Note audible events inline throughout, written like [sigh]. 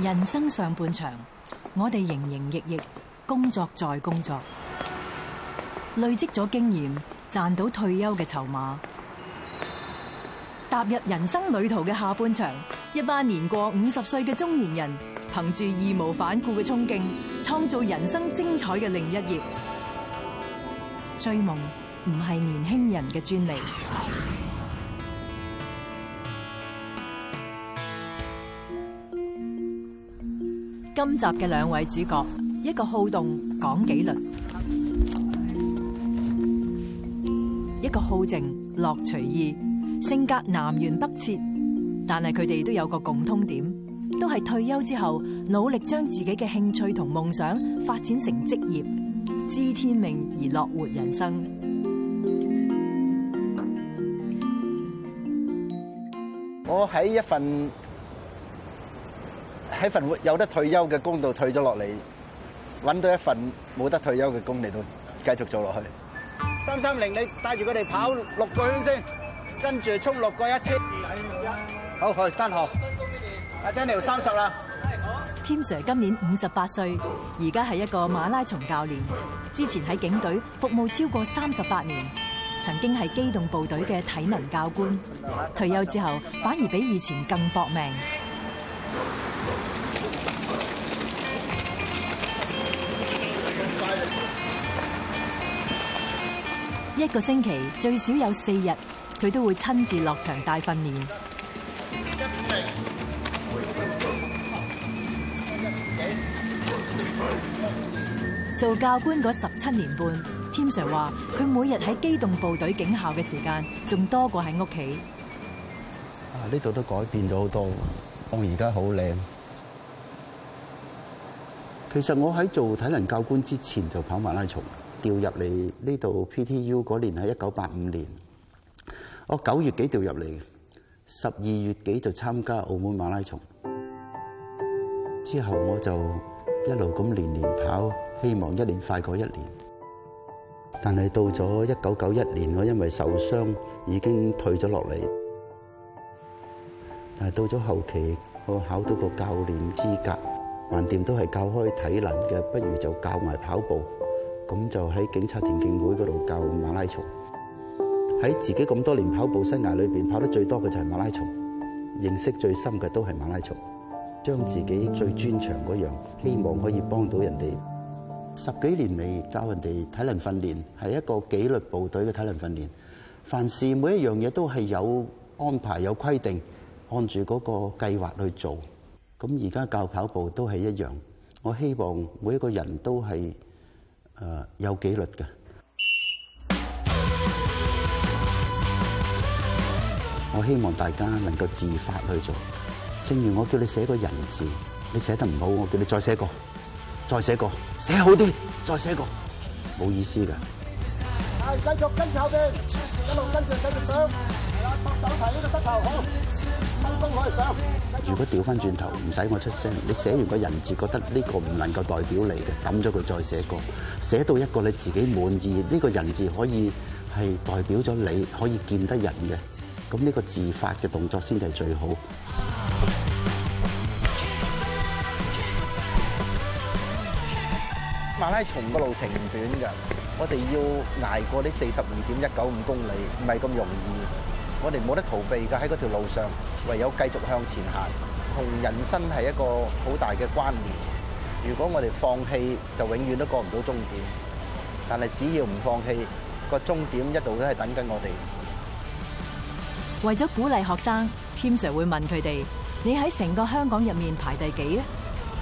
人生上半場，我哋營營役役，工作再工作，累積咗經驗，賺到退休嘅籌碼。踏入人生旅途嘅下半場，一班年過五十歲嘅中年人，憑住義無反顧嘅衝勁，創造人生精彩嘅另一頁。追夢唔係年輕人嘅專利。今集嘅兩位主角，一個好動講紀律，一個好靜樂隨意，性格南轅北轍，但係佢哋都有個共通點，都係退休之後努力將自己嘅興趣同夢想發展成職業，知天命而樂活人生。我喺一份，喺份有得退休嘅工度退咗落嚟，揾到一份冇得退休嘅工嚟到繼續做落去。三三零，你帶住佢哋跑六個圈先，跟住衝六個一千。好，去丹豪。阿 Daniel 三十啦。添 sir 今年五十八歲，而家係一個馬拉松教練，之前喺警隊服務超過三十八年，曾經係機動部隊嘅體能教官。退休之後反而比以前更搏命。一個星期最少有四日，佢都會親自落場大訓練。做教官嗰十七年半，Tim Sir 話佢每日喺機動部隊警校嘅時間，仲多過喺屋企。啊！呢度都改變咗好多，我而家好靚。其實我喺做體能教官之前就跑馬拉松。調入嚟呢度 PTU 嗰年係一九八五年，我九月幾調入嚟，十二月幾就參加澳門馬拉松。之後我就一路咁年年跑，希望一年快過一年。但係到咗一九九一年，我因為受傷已經退咗落嚟。但係到咗後期，我考到個教練資格，橫掂都係教開體能嘅，不如就教埋跑步。咁就喺警察田徑會嗰度教馬拉松。喺自己咁多年跑步生涯裏面，跑得最多嘅就係馬拉松，認識最深嘅都係馬拉松。將自己最專長嗰樣，希望可以幫到人哋。十幾年嚟教人哋體能訓練，係一個紀律部隊嘅體能訓練。凡事每一樣嘢都係有安排、有規定，按住嗰個計劃去做。咁而家教跑步都係一樣。我希望每一個人都係。誒，有紀律嘅，我希望大家能夠自發去做。正如我叫你寫個人字，你寫得唔好，我叫你再寫個，再寫個，寫好啲，再寫個，冇意思㗎。係，繼續跟住後邊，一路跟住，跟住上。如果掉返轉頭，唔使我出聲，你寫完個人字，覺得呢個唔能夠代表你嘅，抌咗佢再寫過，寫到一個你自己滿意，呢個人字可以係代表咗你可以見得人嘅，咁呢個自發嘅動作先係最好。馬拉松個路程唔短㗎，我哋要捱過呢四十二點一九五公里，唔係咁容易。我哋冇得逃避㗎，喺嗰條路上，唯有繼續向前行，同人生係一個好大嘅關聯。如果我哋放棄，就永遠都過唔到終點。但係只要唔放棄，個終點一度都係等緊我哋。為咗鼓勵學生，添 Sir 會問佢哋：「你喺成個香港入面排第幾啊？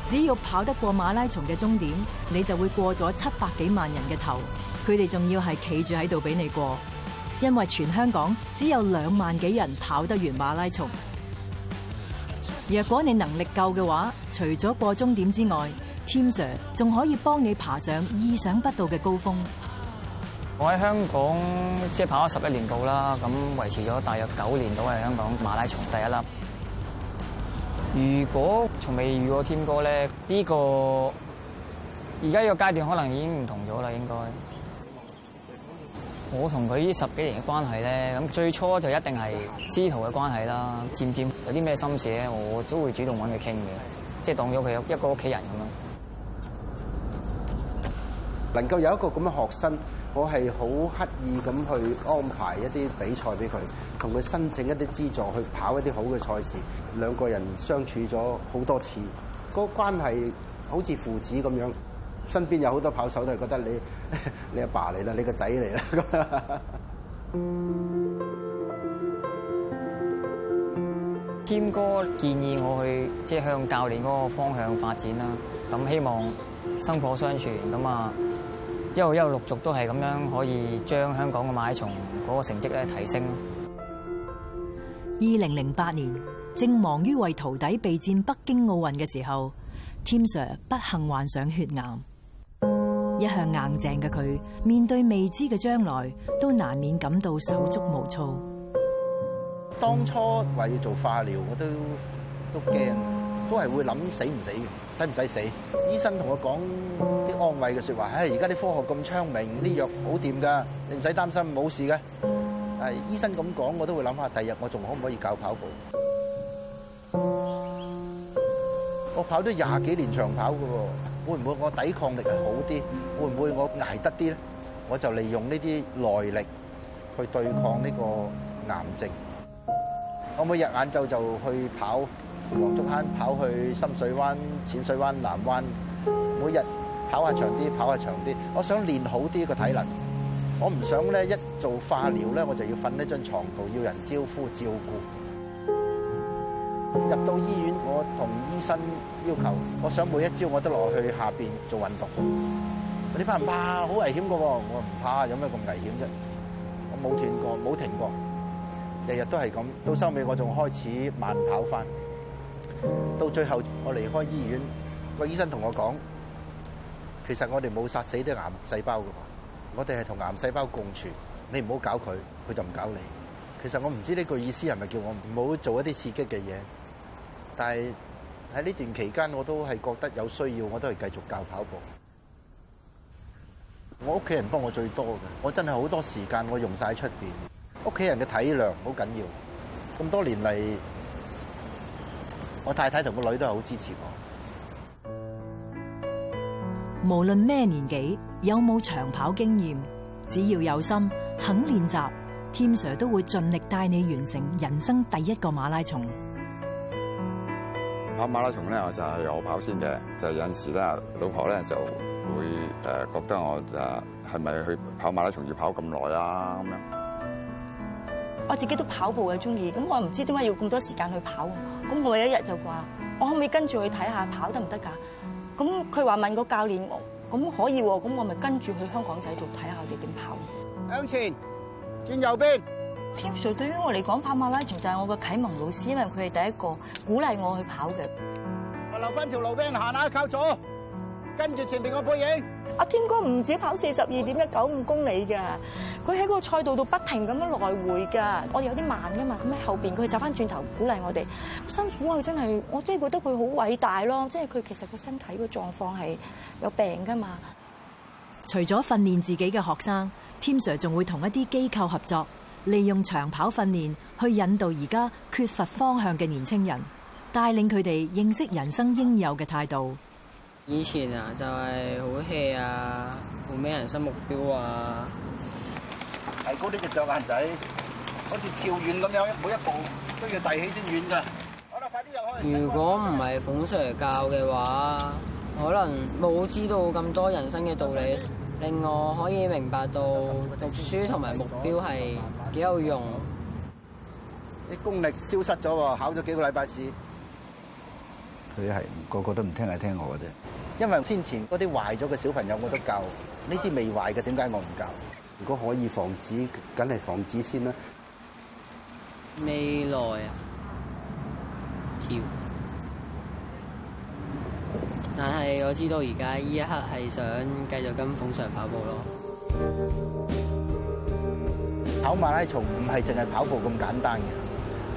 只要跑得過馬拉松嘅終點，你就會過咗七百幾萬人嘅頭。」佢哋仲要係企住喺度俾你過。因為全香港只有兩萬幾人跑得完馬拉松。若果你能力夠嘅話，除咗過終點之外，Tim Sir 仲可以幫你爬上意想不到嘅高峰。我喺香港即係跑咗十一年度啦，咁維持咗大約九年都係香港馬拉松第一粒。如果從未遇過添哥咧，呢個而家個階段可能已經唔同咗啦，應該。我同佢呢十幾年嘅關係咧，咁最初就一定係師徒嘅關係啦。漸漸有啲咩心事咧，我都會主動揾佢傾嘅，即係當咗佢一個屋企人咁樣。能夠有一個咁嘅學生，我係好刻意咁去安排一啲比賽俾佢，同佢申請一啲資助去跑一啲好嘅賽事。兩個人相處咗好多次，嗰個關係好似父子咁樣。身邊有好多跑手都係覺得你你阿爸嚟啦，你個仔嚟啦。添 [laughs] 哥建議我去即係向教練嗰個方向發展啦。咁希望薪火相傳，咁啊，一路一路陸續都係咁樣可以將香港嘅馬拉松嗰個成績咧提升。二零零八年正忙於為徒弟備戰北京奧運嘅時候，添 Sir 不幸患上血癌。一向硬淨嘅佢，面對未知嘅將來，都難免感到手足無措。當初話要做化療，我都都驚，都係會諗死唔死嘅，使唔使死？醫生同我講啲安慰嘅說話，唉，而家啲科學咁昌明，啲藥好掂噶，你唔使擔心，冇事嘅。係醫生咁講，我都會諗下，第日我仲可唔可以搞跑步？我跑咗廿幾年長跑㗎喎。會唔會我抵抗力係好啲？會唔會我捱得啲咧？我就利用呢啲耐力去對抗呢個癌症。我每日晏晝就去跑黃竹坑，跑去深水灣、淺水灣、南灣。每日跑下長啲，跑下長啲。我想練好啲個體能。我唔想咧一做化療咧，我就要瞓喺張床度，要人招呼照顧。入到醫院，我同醫生要求，我想每一朝我都落去下邊做運動。我你怕唔怕？好危險噶！我唔怕，有咩咁危險啫？我冇斷過，冇停過，日日都係咁。到收尾我仲開始慢跑翻。到最後我離開醫院，個醫生同我講：其實我哋冇殺死啲癌細胞噶噃，我哋係同癌細胞共存。你唔好搞佢，佢就唔搞你。其實我唔知呢句意思係咪叫我唔好做一啲刺激嘅嘢。但係喺呢段期間，我都係覺得有需要，我都係繼續教跑步。我屋企人幫我最多嘅，我真係好多時間我用晒喺出邊。屋企人嘅體諒好緊要。咁多年嚟，我太太同個女都係好支持我。無論咩年紀，有冇長跑經驗，只要有心肯練習，添 Sir 都會盡力帶你完成人生第一個馬拉松。跑馬拉松咧，就是、我就係有跑先嘅，就係有陣時咧，老婆咧就會誒覺得我誒係咪去跑馬拉松要跑咁耐啊咁樣。就是、我自己都跑步嘅中意，咁我唔知點解要咁多時間去跑，咁我有一日就話，我可唔可以跟住去睇下跑得唔得噶？咁佢話，問個教練，咁可以喎，咁我咪跟住去香港仔度睇下我哋點跑。向前，轉右邊。添 Sir 對於我嚟講跑馬拉松就係、是、我個啟蒙老師，因為佢係第一個鼓勵我去跑嘅。我留翻條路俾人行下，靠左，跟住前面個背影。阿添哥唔止跑四十二點一九五公里嘅，佢喺嗰個賽道度不停咁樣來回噶。我哋有啲慢噶嘛，咁喺後邊佢走翻轉頭鼓勵我哋，辛苦啊！佢真係我真係覺得佢好偉大咯，即係佢其實個身體個狀況係有病噶嘛。除咗訓練自己嘅學生，添 Sir 仲會同一啲機構合作。利用長跑訓練去引導而家缺乏方向嘅年輕人，帶領佢哋認識人生應有嘅態度。以前啊，就係好 hea 啊，冇咩人生目標啊。提高啲隻腳眼仔，好似跳遠咁樣，每一步都要遞起先遠噶。如果唔係馮 Sir 嚟教嘅話，可能冇知道咁多人生嘅道理。令我可以明白到讀書同埋目標係幾有用。啲功力消失咗，考咗幾個禮拜試。佢係個個都唔聽，係聽我嘅啫。因為先前嗰啲壞咗嘅小朋友我都教，呢啲未壞嘅點解我唔教？如果可以防止，梗係防止先啦。未來啊，跳。但係我知道而家依一刻係想繼續跟馮 Sir 跑步咯。跑馬拉松唔係淨係跑步咁簡單嘅，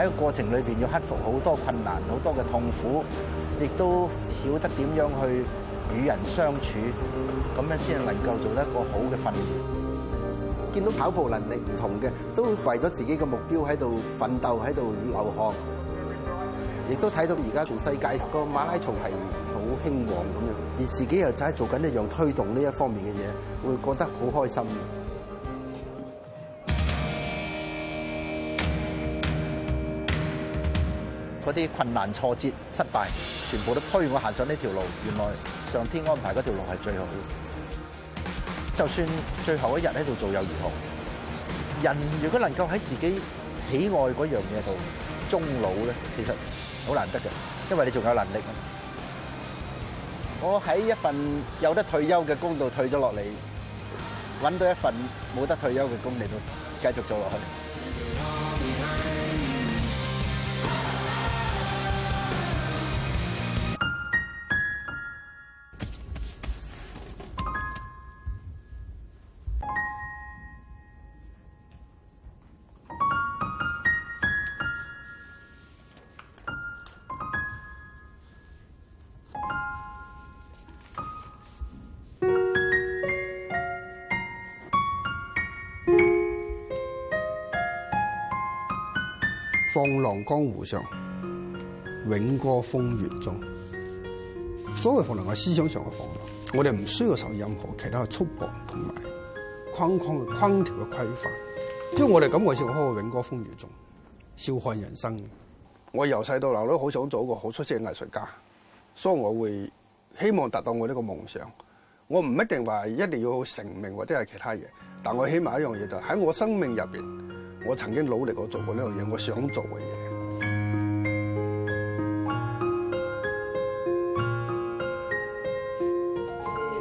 喺個過程裏邊要克服好多困難、好多嘅痛苦，亦都曉得點樣去與人相處，咁樣先能夠做得一個好嘅訓練。見到跑步能力唔同嘅，都為咗自己嘅目標喺度奮鬥、喺度流汗。亦都睇到而家全世界個馬拉松係好興旺咁樣，而自己又就係做緊一樣推動呢一方面嘅嘢，會覺得好開心。嗰啲困難、挫折、失敗全部都推我行上呢條路。原來上天安排嗰條路係最好嘅。就算最後一日喺度做又如何？人如果能夠喺自己喜愛嗰樣嘢度終老咧，其實。好難得嘅，因為你仲有能力。我喺一份有得退休嘅工度退咗落嚟，揾到一份冇得退休嘅工嚟到繼續做落去。放浪江湖上，永歌風月中。所謂放浪，係思想上嘅放浪。我哋唔需要受任何其他嘅束縛同埋框框嘅框條嘅規範。所以我哋咁我先可以永歌風月中，笑看人生。我由細到老都好想做一個好出色嘅藝術家，所以我會希望達到我呢個夢想。我唔一定話一定要成名或者係其他嘢，但我起碼一樣嘢就喺我生命入邊。我曾經努力過做過呢樣嘢，我想做嘅嘢。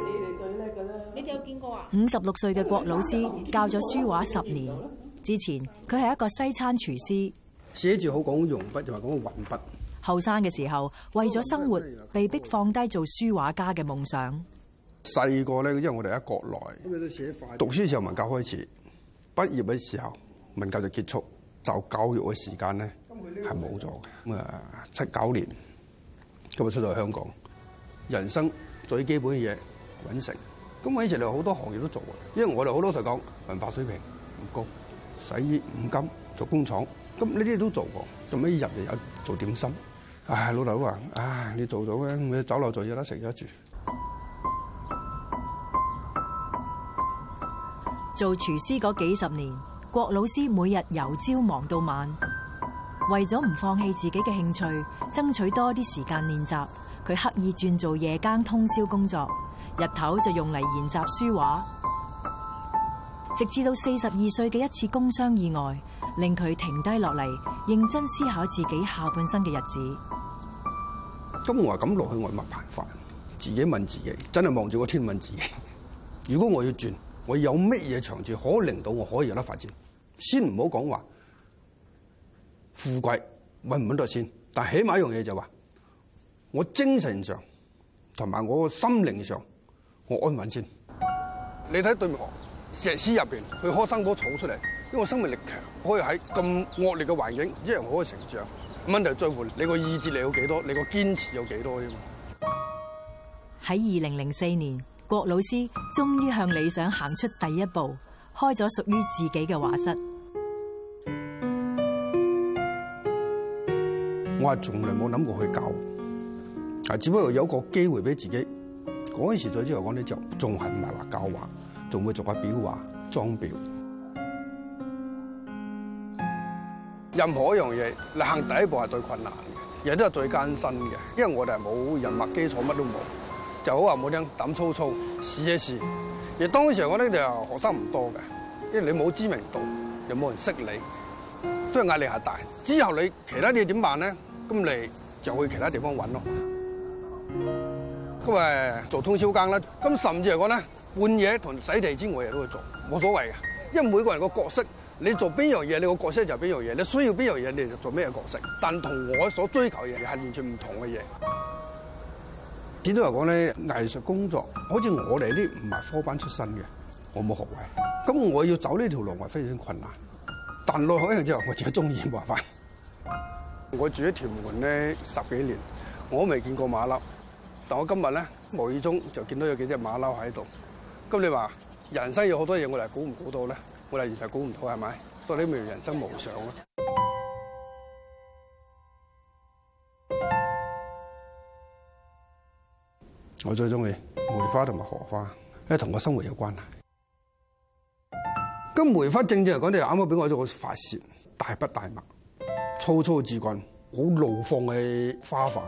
你你最叻嘅啦，你哋有見過啊？五十六歲嘅郭老師教咗書畫十年。之前佢係一個西餐廚師，寫住好講用筆，又話講運筆。後生嘅時候，為咗生活，被逼放低做書畫家嘅夢想。細個咧，因為我哋喺國內，讀書時候文教開始，畢業嘅時候，文教就結束，就教育嘅時間咧係冇咗嘅。咁啊，七九年咁啊出到香港，人生最基本嘅嘢揾食。咁我以前嚟好多行業都做過，因為我哋好多時候講文化水平唔高，洗衣五金做工廠，咁呢啲都做過。做咩入嚟啊？做點心。唉，老豆話：唉，你做到咧，咁啊酒樓做嘢啦，有得食，有得住。做廚師嗰幾十年。郭老師每日由朝忙到晚，為咗唔放棄自己嘅興趣，爭取多啲時間練習，佢刻意轉做夜間通宵工作，日頭就用嚟研習書畫。直至到四十二歲嘅一次工傷意外，令佢停低落嚟，認真思考自己下半生嘅日子。咁我話咁落去，我咪麻煩，自己問自己，真係望住個天問自己，如果我要轉？我有乜嘢長處可以令到我可以有得發展？先唔好講話富貴揾唔揾到先。但起碼一樣嘢就話我精神上同埋我個心靈上我安穩先。你睇對面石屎入面，佢開生棵草出嚟，因為生命力強，可以喺咁惡劣嘅環境一樣可以成長。問題最後，你個意志力有幾多？你個堅持有幾多啫？喺二零零四年。郭老師終於向理想行出第一步，開咗屬於自己嘅畫室。我係從來冇諗過去搞，啊，只不過有個機會俾自己嗰陣時，再之後講咧，就仲係唔係話教畫，仲會做下裱畫、裝裱。任何一樣嘢，你行第一步係最困難嘅，亦都係最艱辛嘅，因為我哋係冇人物基礎，乜都冇。又好話冇聽，膽粗粗，試一試。而當時嚟講咧，就學生唔多嘅，因為你冇知名度，又冇人識你，所以壓力係大。之後你其他嘢點辦咧？咁你就去其他地方搵咯。咁誒，做通宵更啦。咁甚至嚟講咧，半夜同洗地之我亦都會做，冇所謂嘅。因為每個人個角色，你做邊樣嘢，你個角色就邊樣嘢，你需要邊樣嘢，你就做咩角色。但同我所追求嘅嘢係完全唔同嘅嘢。點都話講咧，藝術工作好似我哋啲唔係科班出身嘅，我冇學位，咁我要走呢條路，係非常困難。但內海人就我自己中意麻煩。我住喺屯門咧十幾年，我都未見過馬騮，但我今日咧無意中就見到有幾隻馬騮喺度。咁你話人生有好多嘢我嚟，估唔估到咧？我哋如就估唔到係咪？所以你咪人生無常咯。我最中意梅花同埋荷花，因為同我生活有關係。咁梅花正正嚟講，你啱啱俾我做一個發泄，大筆大墨，粗粗嘅枝幹，好怒放嘅花瓣，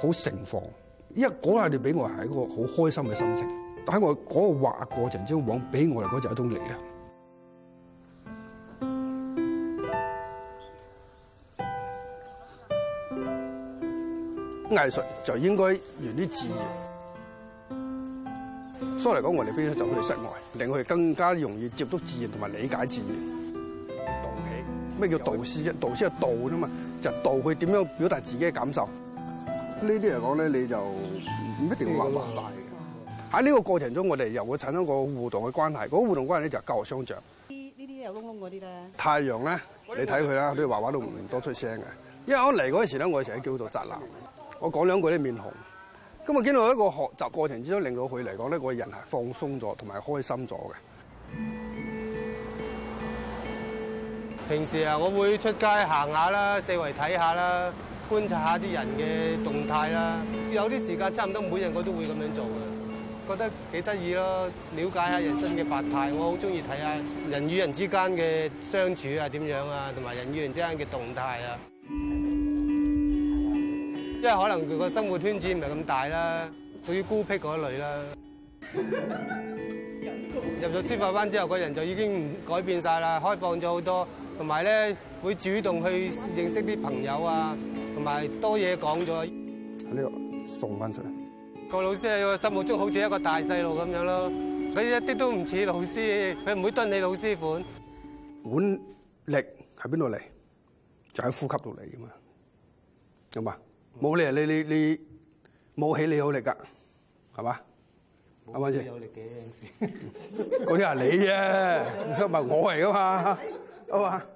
好盛放。因為嗰日你俾我係一個好開心嘅心情，但喺我嗰個畫過程之中，往俾我嚟講就係一種力量。藝術就應該源於自然。所以嚟講，我哋邊咧就去室外，令佢哋更加容易接觸自然同埋理解自然。導師，咩叫導師啫？導師係導啫嘛，就是、導佢點樣表達自己嘅感受。呢啲嚟講咧，你就唔一定要畫畫晒嘅。喺呢個過程中，我哋又會產生互的、嗰個互動嘅關係。嗰個互動關係咧，就教學相長。呢啲又窿窿嗰啲咧。隆隆太陽咧，你睇佢啦，啲畫畫都唔多出聲嘅。因為我嚟嗰陣時咧，我哋成日叫做宅男，我講兩句咧，面紅。今日經過一個學習過程之中，令到佢嚟講咧，個人係放鬆咗，同埋開心咗嘅。平時啊，我會出街行下啦，四圍睇下啦，觀察一下啲人嘅動態啦。有啲時間差唔多，每日我都會咁樣做嘅，覺得幾得意咯。了解下人生嘅百態，我好中意睇下人與人之間嘅相處啊，點樣啊，同埋人與人之間嘅動態啊。因為可能佢個生活圈子唔係咁大啦，屬於孤僻嗰類啦。 [laughs] 入咗書法班之後，個人就已經改變晒啦，開放咗好多，同埋咧會主動去認識啲朋友啊，同埋多嘢講咗。喺呢度送翻出嚟個老師喺我心目中好似一個大細路咁樣咯，佢一啲都唔似老師，佢唔會蹲你老師款。腕力喺邊度嚟？就喺呼吸度嚟㗎嘛，明白？冇理由你你你你冇起你好力噶，係嘛？啱有啱先？嗰啲係你啫，唔係 [laughs] 我嚟噶嘛？啊嘛 [laughs] [laughs] 吧，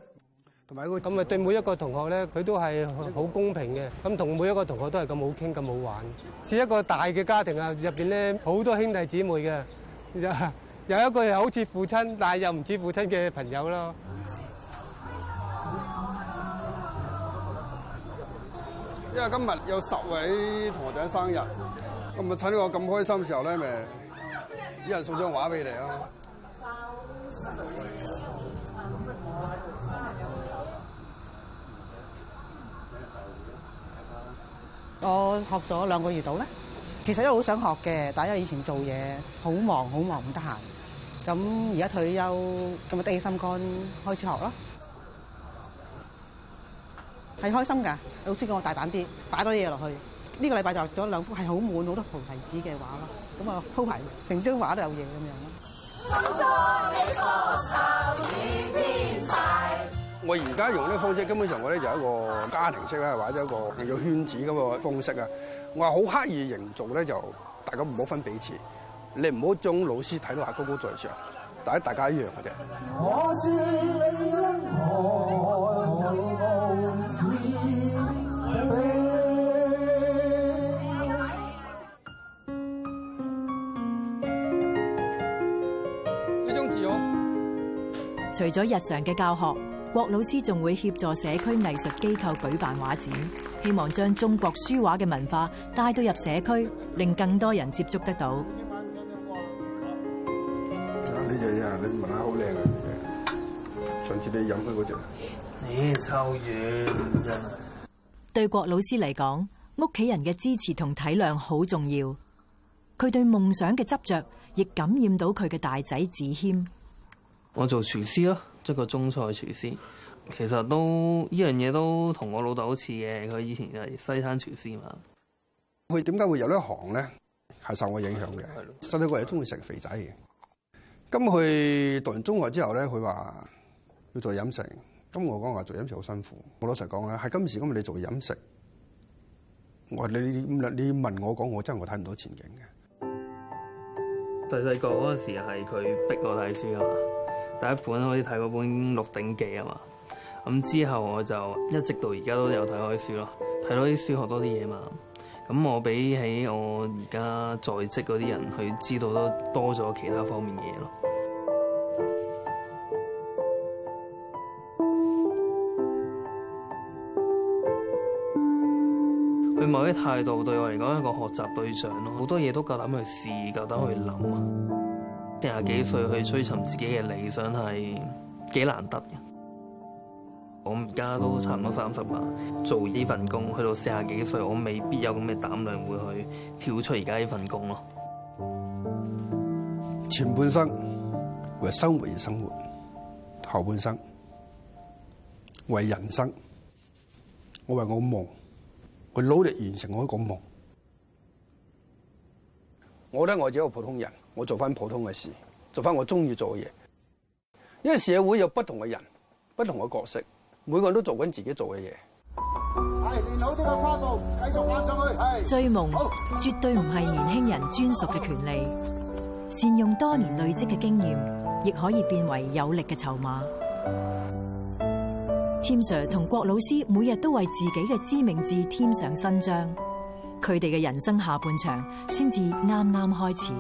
同埋咁咪對每一個同學咧，佢都係好公平嘅。咁同每一個同學都係咁好傾、咁好玩，似一個大嘅家庭啊！入邊咧好多兄弟姊妹嘅，有一個又好似父親，但係又唔似父親嘅朋友咯。嗯因為今日有十位同學仔生日，咁咪趁我咁開心嘅時候咧，咪一人送張畫俾你啊！我學咗兩個月到咧，其實都好想學嘅，但係因為以前做嘢好忙好忙唔得閒，咁而家退休咁咪起心肝開始學咯。係開心㗎，老師叫我大膽啲，擺多嘢落去。呢、這個禮拜就做兩幅係好滿，好多葡提子嘅畫咯。咁啊鋪排，成張畫都有嘢咁樣咯。我而家用呢個方式，根本上我咧就一個家庭式啦，或者一個有圈子咁個方式啊。我話好刻意營造咧，就大家唔好分彼此，你唔好將老師睇到係高高在上。但係大家一樣嘅啫。除咗日常嘅教學，郭老師仲會協助社區藝術機構舉辦畫展，希望將中國書畫嘅文化帶到入社區，令更多人接觸得到。好靚啊的！上次你飲開嗰隻，你臭住真啊！對郭老師嚟講，屋企人嘅支持同體諒好重要。佢對夢想嘅執着，亦感染到佢嘅大仔子謙。我做廚師咯，一個中菜廚師。其實都呢樣嘢都同我老豆好似嘅，佢以前就係西餐廚師嘛。佢點解會有呢一行咧？係受我影響嘅。實際我人中意食肥仔嘅。咁佢讀完中學之後咧，佢話要做飲食。咁我講話做飲食好辛苦。我老實講咧，係今時今日你做飲食，我話你你你問我講，我真係我睇唔到前景嘅。細細個嗰陣時係佢逼我睇書啊嘛，第一本好似睇嗰本《鹿鼎記》啊嘛。咁之後我就一直到而家都有睇開書咯，睇多啲書學多啲嘢嘛。咁我比起我而家在職嗰啲人，佢知道都多咗其他方面嘅嘢咯。佢某啲態度對我嚟講係個學習對象咯，好多嘢都夠膽去試，夠膽、嗯、去諗啊。廿幾、嗯、歲去追尋自己嘅理想係幾難得嘅。而家都差唔多三十啦，做呢份工，去到四十幾歲，我未必有咁嘅膽量會去跳出而家呢份工咯。前半生為生活而生活，後半生為人生，我為我夢，我去努力完成我一個夢。我覺得我自己個普通人，我做翻普通嘅事，做翻我中意做嘅嘢。因為社會有不同嘅人，不同嘅角色。每個人都做緊自己做嘅嘢，係練好都個花布，繼續玩上去。追夢好絕對唔係年輕人專屬嘅權利，好善用多年累積嘅經驗，亦可以變為有力嘅籌碼。添 Sir 同郭老師每日都為自己嘅知命誌添上新章，佢哋嘅人生下半場先至啱啱開始。